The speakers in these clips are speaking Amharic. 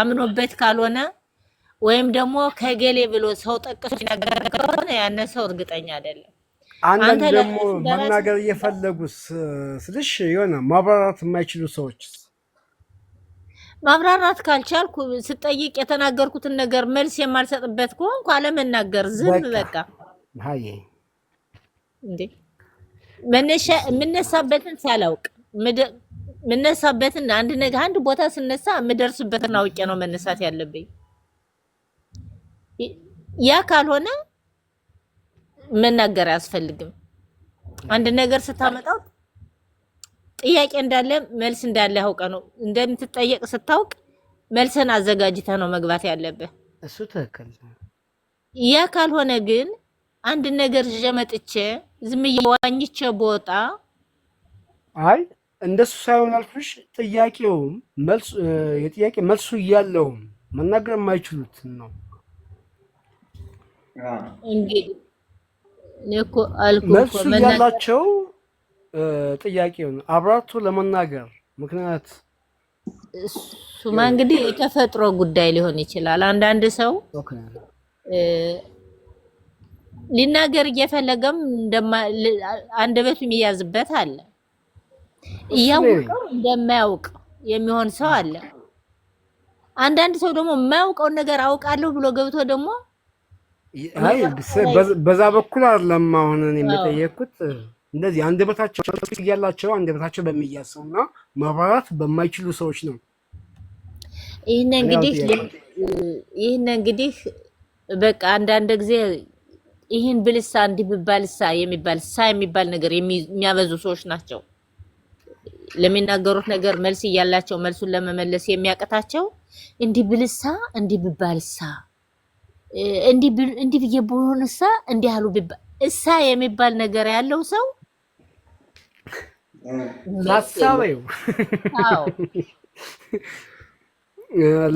አምኖበት ካልሆነ ወይም ደግሞ ከገሌ ብሎ ሰው ጠቅሶ ከሆነ ያነ ሰው እርግጠኛ አይደለም። አንዳንድ ደግሞ መናገር እየፈለጉ ስልሽ የሆነ ማብራራት የማይችሉ ሰዎች ማብራራት ካልቻልኩ ስጠይቅ የተናገርኩትን ነገር መልስ የማልሰጥበት ከሆንኩ አለመናገር ዝም በቃ እንዴ መነሻ የምነሳበትን ሳላውቅ የምነሳበትን አንድ ነገር አንድ ቦታ ስነሳ የምደርስበትን አውቄ ነው መነሳት ያለብኝ። ያ ካልሆነ መናገር አያስፈልግም። አንድ ነገር ስታመጣው ጥያቄ እንዳለ መልስ እንዳለ ያውቀ ነው እንደምትጠየቅ ስታውቅ መልስን አዘጋጅተ ነው መግባት ያለብህ። እሱ ትክክል። ያ ካልሆነ ግን አንድ ነገር ይዤ መጥቼ ዝም እየዋኝቼ ቦታ አይ እንደሱ ሳይሆን ያልኩሽ ጥያቄውም የጥያቄ መልሱ እያለውም መናገር የማይችሉት ነው። መልሱ እያላቸው ጥያቄውን አብራቶ ለመናገር ምክንያት እሱማ እንግዲህ የተፈጥሮ ጉዳይ ሊሆን ይችላል። አንዳንድ ሰው ሊናገር እየፈለገም አንደበቱ የሚያዝበት አለ። እያወቀው እንደማያውቅ የሚሆን ሰው አለ። አንዳንድ ሰው ደግሞ የማያውቀውን ነገር አውቃለሁ ብሎ ገብቶ ደግሞ በዛ በኩል አይደለም። አሁን የሚጠየቁት እንደዚህ አንድ አንደበታቸው እያላቸው አንደበታቸው በሚያዝ ሰው እና ማብራራት በማይችሉ ሰዎች ነው። ይህን እንግዲህ ይህን እንግዲህ በቃ አንዳንድ ጊዜ ይህን ብልሳ እንዲህ ብባልሳ የሚባል ሳ የሚባል ነገር የሚያበዙ ሰዎች ናቸው። ለሚናገሩት ነገር መልስ እያላቸው መልሱን ለመመለስ የሚያቅታቸው እንዲህ ብልሳ እንዲህ ብባልሳ እንዲህ ብዬ ብሆን እሳ እንዲህ አሉ ብባል እሳ የሚባል ነገር ያለው ሰው ሳሳበው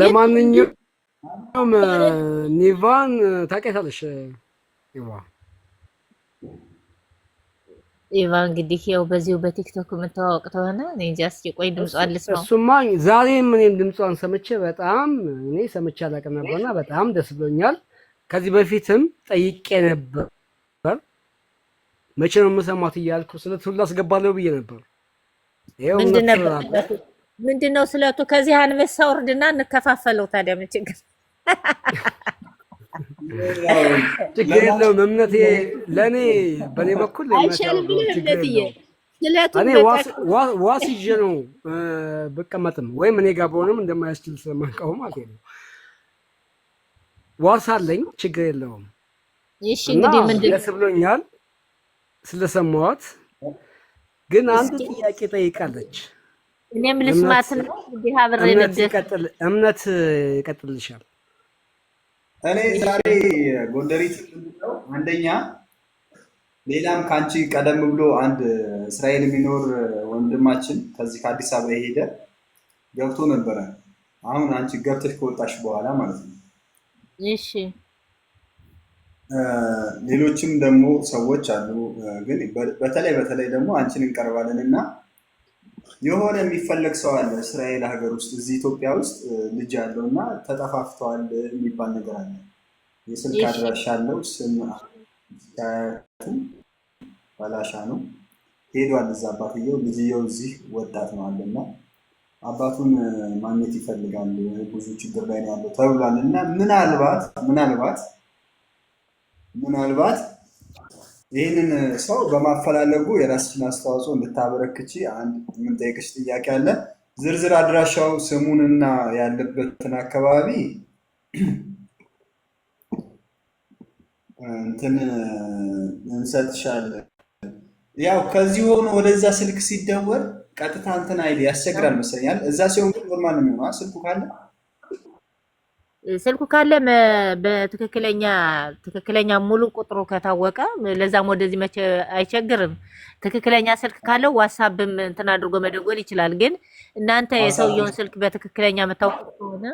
ለማንኛውም ኒቫን ታውቂያታለሽ? ኢቫ እንግዲህ ያው በዚሁ በቲክቶክ የምታዋወቅ ከሆነ እኔ እንጃ። እስኪ ቆይ ድምጿን ልስማው። እሱማ ዛሬም እኔም ድምጿን ሰምቼ በጣም እኔ ሰምቼ አላውቅም ነበርና በጣም ደስ ብሎኛል። ከዚህ በፊትም ጠይቄ ነበር መቼ ነው የምሰማት እያልኩ ስለት ሁሉ ብዬ ነበር። ምንድን ነው ስለቱ? ከዚህ አንበሳ ውርድና እንከፋፈለው ታዲያ ምን ችግር ችግር የለውም። እምነቴ ለእኔ በእኔ በኩል እኔ ዋስ ይዤ ነው ብቀመጥም ወይም እኔ ጋር በሆነም እንደማያስችል ስለማውቀው ማለት ነው። ዋስ አለኝ፣ ችግር የለውም። ደስ ብሎኛል ግን አንድ ጥያቄ ጠይቃለች። እኔም ልስማት። እምነት ይቀጥልሻል እኔ ዛሬ ጎንደሪት አንደኛ ሌላም ከአንቺ ቀደም ብሎ አንድ እስራኤል የሚኖር ወንድማችን ከዚህ ከአዲስ አበባ የሄደ ገብቶ ነበረ። አሁን አንቺ ገብተሽ ከወጣሽ በኋላ ማለት ነው። እሺ ሌሎችም ደግሞ ሰዎች አሉ፣ ግን በተለይ በተለይ ደግሞ አንቺን እንቀርባለን እና የሆነ የሚፈለግ ሰው አለ እስራኤል ሀገር ውስጥ እዚህ ኢትዮጵያ ውስጥ ልጅ አለው እና ተጠፋፍተዋል የሚባል ነገር አለ። የስልክ አድራሻ አለው ስም በላሻ ነው። ሄዷል እዛ አባትየው። ልጅየው እዚህ ወጣት ነው አለ እና አባቱን ማግኘት ይፈልጋል ብዙ ችግር ላይ ነው ያለው ተብሏል እና ምናልባት ምናልባት ምናልባት ይህንን ሰው በማፈላለጉ የራስችን አስተዋጽኦ እንድታበረክቺ አንድ የምንጠይቅሽ ጥያቄ አለ። ዝርዝር አድራሻው ስሙንና ያለበትን አካባቢ እንትን እንሰጥሻለን። ያው ከዚህ ሆኖ ወደዛ ስልክ ሲደወል ቀጥታ እንትን አይል ያስቸግራል መሰለኛል። እዛ ሲሆን ግን ኖርማል ነው የሚሆነው ስልኩ ካለ ስልኩ ካለ በትክክለኛ ትክክለኛ ሙሉ ቁጥሩ ከታወቀ ለዛም ወደዚህ መቼ አይቸግርም። ትክክለኛ ስልክ ካለው ዋትሳፕም እንትን አድርጎ መደወል ይችላል። ግን እናንተ የሰውየውን ስልክ በትክክለኛ መታወቅ ከሆነ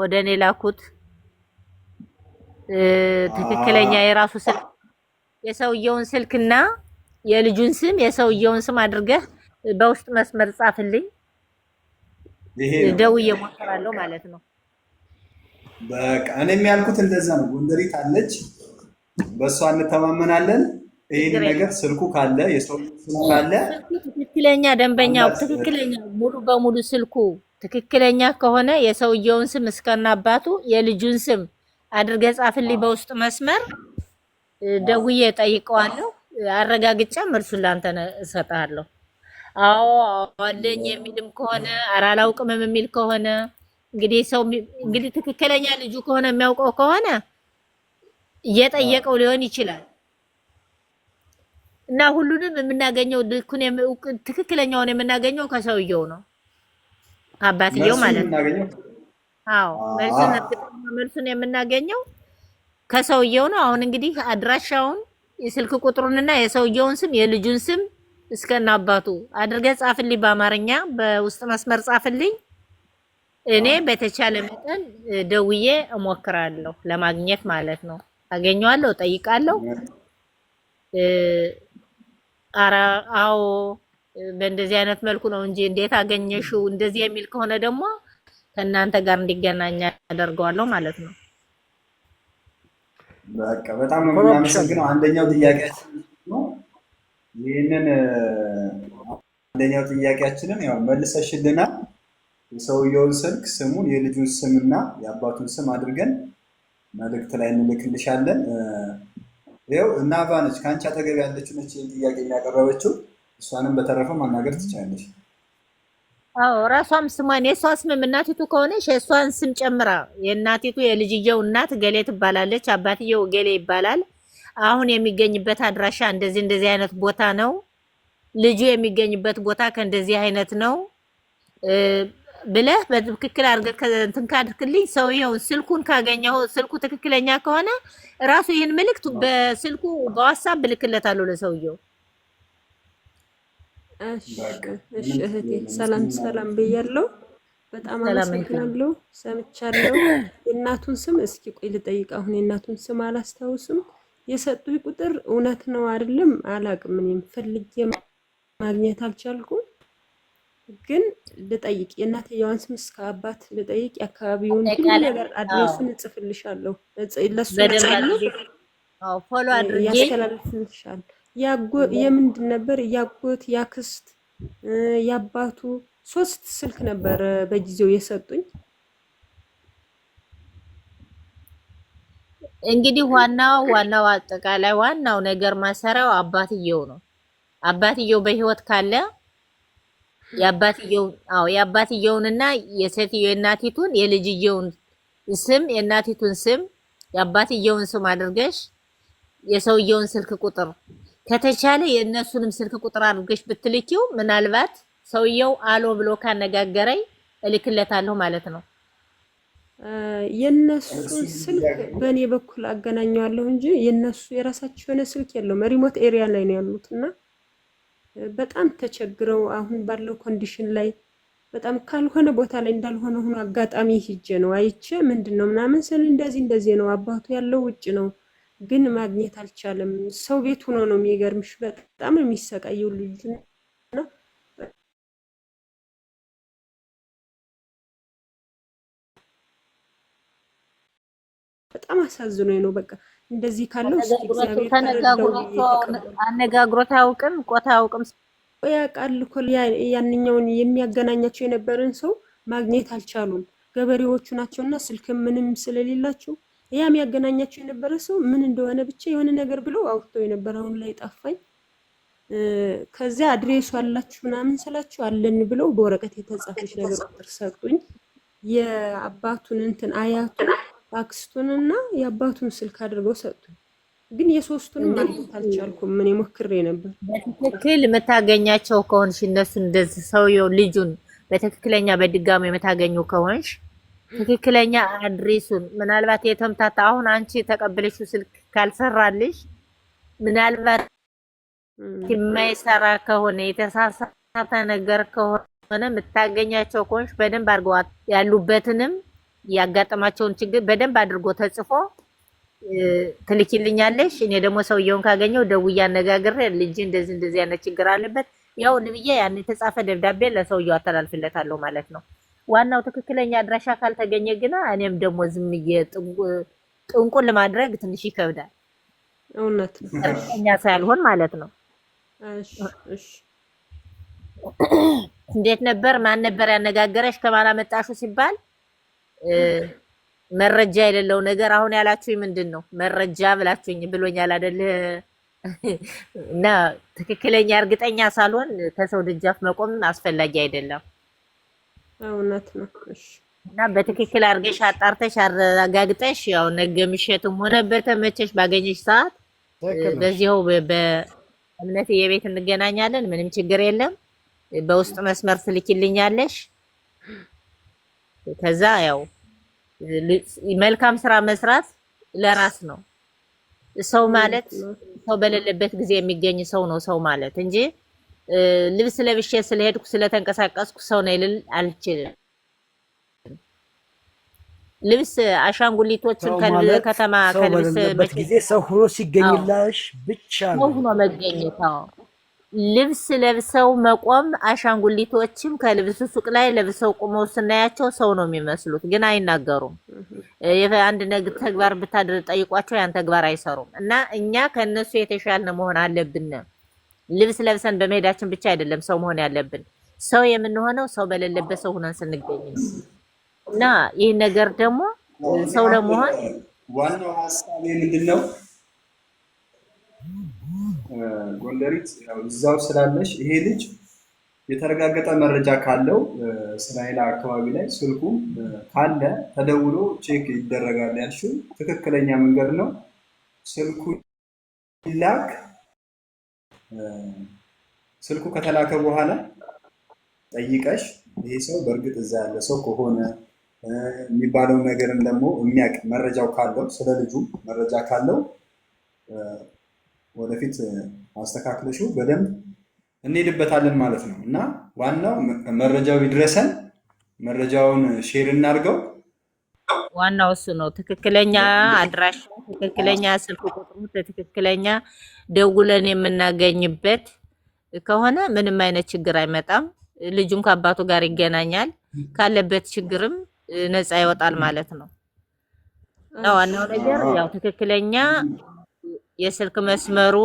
ወደ እኔ ላኩት። ትክክለኛ የራሱ ስልክ የሰውየውን ስልክና የልጁን ስም የሰውየውን ስም አድርገህ በውስጥ መስመር ጻፍልኝ። ደውዬ እሞክራለሁ ማለት ነው። በቃ እኔም ያልኩት እንደዛ ነው። ጎንደሪት አለች፣ በእሷ እንተማመናለን። ይህን ነገር ስልኩ ካለ የሰው ካለ ትክክለኛ ደንበኛው ትክክለኛ ሙሉ በሙሉ ስልኩ ትክክለኛ ከሆነ የሰውየውን ስም እስከና አባቱ የልጁን ስም አድርገ ጻፍልኝ። በውስጥ መስመር ደውዬ ጠይቀዋለሁ። አረጋግጫ መልሱን ላንተ እሰጥሃለሁ። አዎ አለኝ የሚልም ከሆነ አራላውቅምም የሚል ከሆነ እንግዲህ ሰው እንግዲህ ትክክለኛ ልጁ ከሆነ የሚያውቀው ከሆነ እየጠየቀው ሊሆን ይችላል። እና ሁሉንም የምናገኘው ልኩን ትክክለኛውን የምናገኘው ከሰውየው ነው፣ ከአባትየው ማለት ነው። አዎ መልሱን የምናገኘው ከሰውየው ነው። አሁን እንግዲህ አድራሻውን፣ የስልክ ቁጥሩንና የሰውየውን ስም፣ የልጁን ስም እስከና አባቱ አድርገህ ጻፍልኝ፣ በአማርኛ በውስጥ መስመር ጻፍልኝ። እኔ በተቻለ መጠን ደውዬ እሞክራለሁ ለማግኘት ማለት ነው። አገኘዋለሁ፣ ጠይቃለሁ። አዎ በእንደዚህ አይነት መልኩ ነው እንጂ እንዴት አገኘሽው እንደዚህ የሚል ከሆነ ደግሞ ከእናንተ ጋር እንዲገናኝ ያደርገዋለሁ ማለት ነው። በቃ በጣም የምናመሰግነው አንደኛው ጥያቄያችን ነው። ይህንን አንደኛው ጥያቄያችንን ያው መልሰሽልናል። የሰውየውን ስልክ ስሙን የልጁን ስምና የአባቱን ስም አድርገን መልእክት ላይ እንልክልሻለን። ይኸው እና አባ ነች ከአንቺ አጠገብ ያለች ነች ጥያቄ ያቀረበችው። እሷንም በተረፈ ማናገር ትችላለች። አዎ ራሷም ስሟን የእሷ ስምም እናቲቱ ከሆነች የእሷን ስም ጨምራ የእናቲቱ የልጅየው እናት ገሌ ትባላለች፣ አባትየው ገሌ ይባላል። አሁን የሚገኝበት አድራሻ እንደዚህ እንደዚህ አይነት ቦታ ነው። ልጁ የሚገኝበት ቦታ ከእንደዚህ አይነት ነው ብለህ በትክክል አድርገህ እንትን ካድክልኝ ሰውየው ስልኩን ካገኘው ስልኩ ትክክለኛ ከሆነ ራሱ ይህን ምልክት በስልኩ በዋትሳፕ እልክለታለሁ ለሰውየው። እሺ እህቴ ሰላም ሰላም ብያለሁ። በጣም አመሰግናለሁ። ሰምቻለሁ። የእናቱን ስም እስኪ ቆይ ልጠይቅ። አሁን የእናቱን ስም አላስታውስም። የሰጡኝ ቁጥር እውነት ነው አይደለም አላቅም። እኔም ፈልጌ ማግኘት አልቻልኩም። ግን ልጠይቅ የእናትየዋን ስም እስከ አባት ልጠይቅ፣ የአካባቢውን ሁሉ ነገር አድሬሱን እጽፍልሻለሁ። ለሱ ፎሎ አድርጌ የምንድን ነበር ያጎት፣ ያክስት፣ ያባቱ ሶስት ስልክ ነበር በጊዜው የሰጡኝ። እንግዲህ ዋናው ዋናው አጠቃላይ ዋናው ነገር ማሰሪያው አባትየው ነው። አባትየው በህይወት ካለ የአባትየውን የአባትየውንና የሴትዮ የእናቲቱን የልጅየውን ስም የእናቲቱን ስም የአባትየውን ስም አድርገሽ የሰውየውን ስልክ ቁጥር ከተቻለ የእነሱንም ስልክ ቁጥር አድርገሽ ብትልኪው ምናልባት ሰውየው አሎ ብሎ ካነጋገረኝ እልክለታለሁ ማለት ነው። የእነሱ ስልክ በእኔ በኩል አገናኘዋለሁ እንጂ የነሱ የራሳቸው የሆነ ስልክ የለውም። ሪሞት ኤሪያ ላይ ነው ያሉት እና በጣም ተቸግረው አሁን ባለው ኮንዲሽን ላይ በጣም ካልሆነ ቦታ ላይ እንዳልሆነ ሆኖ አጋጣሚ ሂጄ ነው አይቼ ምንድን ነው ምናምን ስል እንደዚህ እንደዚህ ነው አባቱ ያለው ውጭ ነው ግን ማግኘት አልቻለም። ሰው ቤት ሆኖ ነው የሚገርምሽ፣ በጣም የሚሰቃየው ልጅ ነው። በጣም አሳዝኖኝ ነው በቃ እንደዚህ ካለው አነጋግሮት አያውቅም፣ ቆታ አያውቅም። ያውቃል እኮ ያንኛውን የሚያገናኛቸው የነበረን ሰው ማግኘት አልቻሉም። ገበሬዎቹ ናቸውና ስልክም ምንም ስለሌላቸው ያ የሚያገናኛቸው የነበረ ሰው ምን እንደሆነ ብቻ የሆነ ነገር ብለው አውርተው የነበረ አሁን ላይ ጠፋኝ። ከዚያ አድሬሱ አላችሁ ምናምን ስላችሁ አለን ብለው በወረቀት የተጻፈች ነገር ቁጥር ሰጡኝ። የአባቱን እንትን አያቱ አክስቱንና የአባቱን ስልክ አድርገው ሰጡኝ። ግን የሶስቱንም ማግኘት አልቻልኩም። ምን ሞክሬ ነበር። በትክክል የምታገኛቸው ከሆንሽ እነሱ እንደዚህ ሰውየው ልጁን በትክክለኛ በድጋሚ የምታገኙ ከሆንሽ ትክክለኛ አድሬሱን ምናልባት የተምታታ አሁን አንቺ ተቀብለሽ ስልክ ካልሰራልሽ ምናልባት የማይሰራ ከሆነ የተሳሳተ ነገር ከሆነ የምታገኛቸው ከሆንሽ በደንብ አድርገዋት ያሉበትንም ያጋጠማቸውን ችግር በደንብ አድርጎ ተጽፎ ትልኪልኛለሽ። እኔ ደግሞ ሰውየውን ካገኘው ደውዬ አነጋግሬ ልጅ እንደዚህ እንደዚህ አይነት ችግር አለበት ያው ልብዬ ያን የተጻፈ ደብዳቤ ለሰውየው አተላልፍለታለሁ ማለት ነው። ዋናው ትክክለኛ አድራሻ ካልተገኘ ግና እኔም ደግሞ ዝምዬ ጥንቁን ለማድረግ ትንሽ ይከብዳል። እውነት እኛ ሳያልሆን ማለት ነው። እንዴት ነበር? ማን ነበር ያነጋገረሽ? ከማን መጣሹ ሲባል መረጃ የሌለው ነገር አሁን ያላችሁኝ ምንድን ነው? መረጃ ብላችሁኝ ብሎኛል አይደል? እና ትክክለኛ እርግጠኛ ሳልሆን ከሰው ደጃፍ መቆም አስፈላጊ አይደለም። እውነት ነው። እና በትክክል አድርገሽ አጣርተሽ አረጋግጠሽ ያው ነገ ምሽትም ሆነ በተመቸሽ ባገኘሽ ሰዓት በዚው በእምነት የቤት እንገናኛለን። ምንም ችግር የለም። በውስጥ መስመር ስልኪልኛለሽ ከዛ ያው መልካም ስራ መስራት ለራስ ነው። ሰው ማለት ሰው በሌለበት ጊዜ የሚገኝ ሰው ነው ሰው ማለት እንጂ ልብስ ለብሼ ስለሄድኩ ስለተንቀሳቀስኩ ሰው ነው ልል አልችልም። ልብስ አሻንጉሊቶችን ከተማ ከልብስ ጊዜ ሰው ሆኖ ሲገኝላሽ ብቻ ነው ሆኖ መገኘት ልብስ ለብሰው መቆም አሻንጉሊቶችም ከልብስ ሱቅ ላይ ለብሰው ቁመው ስናያቸው ሰው ነው የሚመስሉት፣ ግን አይናገሩም። አንድ ነገር ተግባር ብታደር ጠይቋቸው ያን ተግባር አይሰሩም። እና እኛ ከነሱ የተሻልን መሆን አለብን። ልብስ ለብሰን በመሄዳችን ብቻ አይደለም ሰው መሆን ያለብን። ሰው የምንሆነው ሰው በሌለበት ሰው ሁነን ስንገኝ እና ይህ ነገር ደግሞ ሰው ለመሆን ዋናው ሀሳብ ምንድን ነው ጎንደሪት እዛው ስላለች ይሄ ልጅ የተረጋገጠ መረጃ ካለው እስራኤል አካባቢ ላይ ስልኩም ካለ ተደውሎ ቼክ ይደረጋል። ያልሽው ትክክለኛ መንገድ ነው። ስልኩ ይላክ። ስልኩ ከተላከ በኋላ ጠይቀሽ ይሄ ሰው በእርግጥ እዛ ያለ ሰው ከሆነ የሚባለው ነገርም ደግሞ የሚያውቅ መረጃው ካለው ስለ ልጁ መረጃ ካለው ወደፊት አስተካክለሹ በደንብ እንሄድበታለን ማለት ነው እና ዋናው መረጃው ይድረሰን፣ መረጃውን ሼር እናድርገው። ዋናው እሱ ነው። ትክክለኛ አድራሽ፣ ትክክለኛ ስልክ ቁጥሩ፣ ትክክለኛ ደውለን የምናገኝበት ከሆነ ምንም አይነት ችግር አይመጣም። ልጁም ከአባቱ ጋር ይገናኛል፣ ካለበት ችግርም ነፃ ይወጣል ማለት ነው። ዋናው ነገር ያው ትክክለኛ የስልክ መስመሩ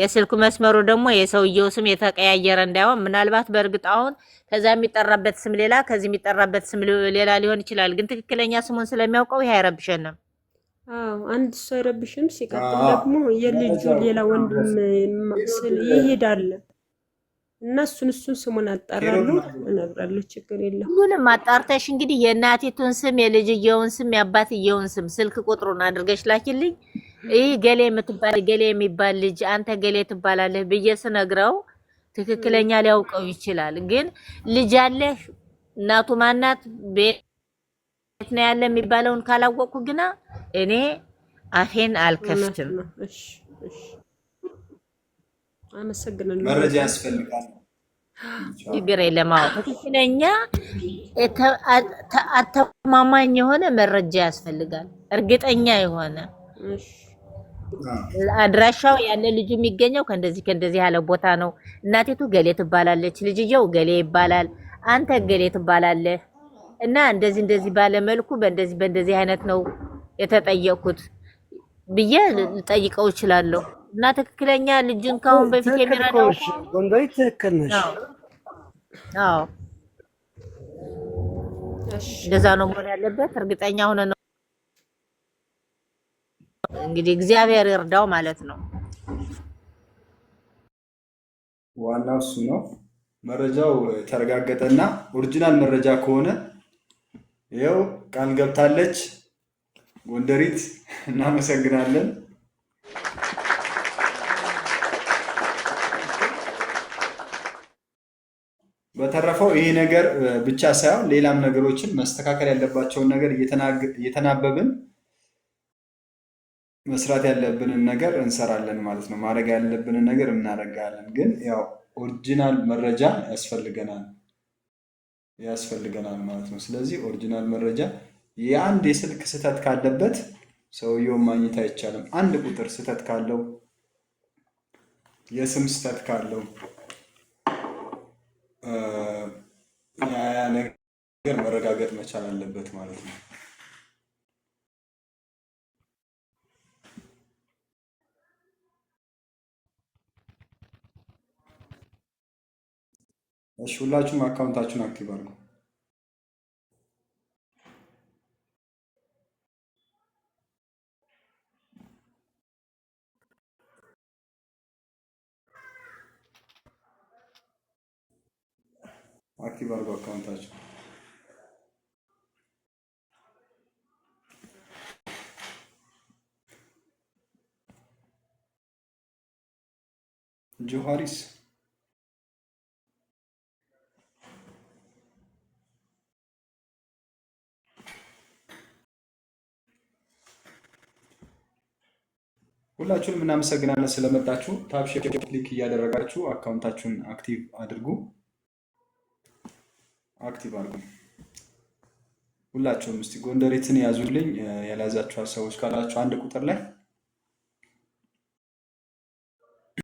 የስልክ መስመሩ ደግሞ የሰውየው ስም የተቀያየረ እንዳይሆን ምናልባት በእርግጥ አሁን ከዛ የሚጠራበት ስም ሌላ ከዚህ የሚጠራበት ስም ሌላ ሊሆን ይችላል። ግን ትክክለኛ ስሙን ስለሚያውቀው ይህ አይረብሸንም። አንድ ሰው አይረብሽም። ሲቀጥል ደግሞ የልጁ ሌላ ወንድም ስል ይሄዳል እና እሱን እሱን ስሙን አጣራሉ እነግራሉ። ችግር የለም። ሁሉንም አጣርተሽ እንግዲህ የእናቲቱን ስም፣ የልጅየውን ስም፣ የአባትየውን ስም ስልክ ቁጥሩን አድርገሽ ላኪልኝ። ይህ ገሌ የምትባል ገሌ የሚባል ልጅ አንተ ገሌ ትባላለህ ብዬ ስነግረው ትክክለኛ ሊያውቀው ይችላል። ግን ልጅ አለህ እናቱ ማናት ቤት ነው ያለ የሚባለውን ካላወቅኩ ግና እኔ አፌን አልከፍትም። መረጃ ያስፈልጋል። ችግር የለም። ትክክለኛ አተማማኝ የሆነ መረጃ ያስፈልጋል። እርግጠኛ የሆነ አድራሻው ያለ ልጁ የሚገኘው ከእንደዚህ ከእንደዚህ ያለ ቦታ ነው። እናቴቱ ገሌ ትባላለች፣ ልጅየው ገሌ ይባላል፣ አንተ ገሌ ትባላለህ እና እንደዚህ እንደዚህ ባለ መልኩ በእንደዚህ በእንደዚህ አይነት ነው የተጠየቅኩት ብዬ ልጠይቀው እችላለሁ። እና ትክክለኛ ልጅን ካሁን በፊት የሚረዳው ትክክል ነሽ። አዎ እንደዛ ነው መሆን ያለበት። እርግጠኛ ሆነ ነው እንግዲህ እግዚአብሔር ይርዳው ማለት ነው። ዋናው እሱ ነው። መረጃው ተረጋገጠና ኦሪጂናል መረጃ ከሆነ ይኸው ቃል ገብታለች ጎንደሪት። እናመሰግናለን። በተረፈው ይሄ ነገር ብቻ ሳይሆን ሌላም ነገሮችን መስተካከል ያለባቸውን ነገር እየተናበብን መስራት ያለብንን ነገር እንሰራለን ማለት ነው። ማድረግ ያለብንን ነገር እናደርጋለን። ግን ያው ኦሪጂናል መረጃ ያስፈልገናል ያስፈልገናል ማለት ነው። ስለዚህ ኦሪጂናል መረጃ የአንድ የስልክ ስህተት ካለበት ሰውየውን ማግኘት አይቻልም። አንድ ቁጥር ስህተት ካለው የስም ስህተት ካለው ያ ነገር መረጋገጥ መቻል አለበት ማለት ነው። እሺ ሁላችሁም አካውንታችሁን አክቲቭ አድርጉ። አክቲቭ አድርጉ አካውንታችሁ። ጆሃሪስ ሁላችሁንም እናመሰግናለን ስለመጣችሁ። ታብ ክሊክ እያደረጋችሁ አካውንታችሁን አክቲቭ አድርጉ፣ አክቲቭ አድርጉ። ሁላችሁም እስቲ ጎንደሬትን ያዙልኝ። ያልያዛችሁ ሰዎች ካላችሁ አንድ ቁጥር ላይ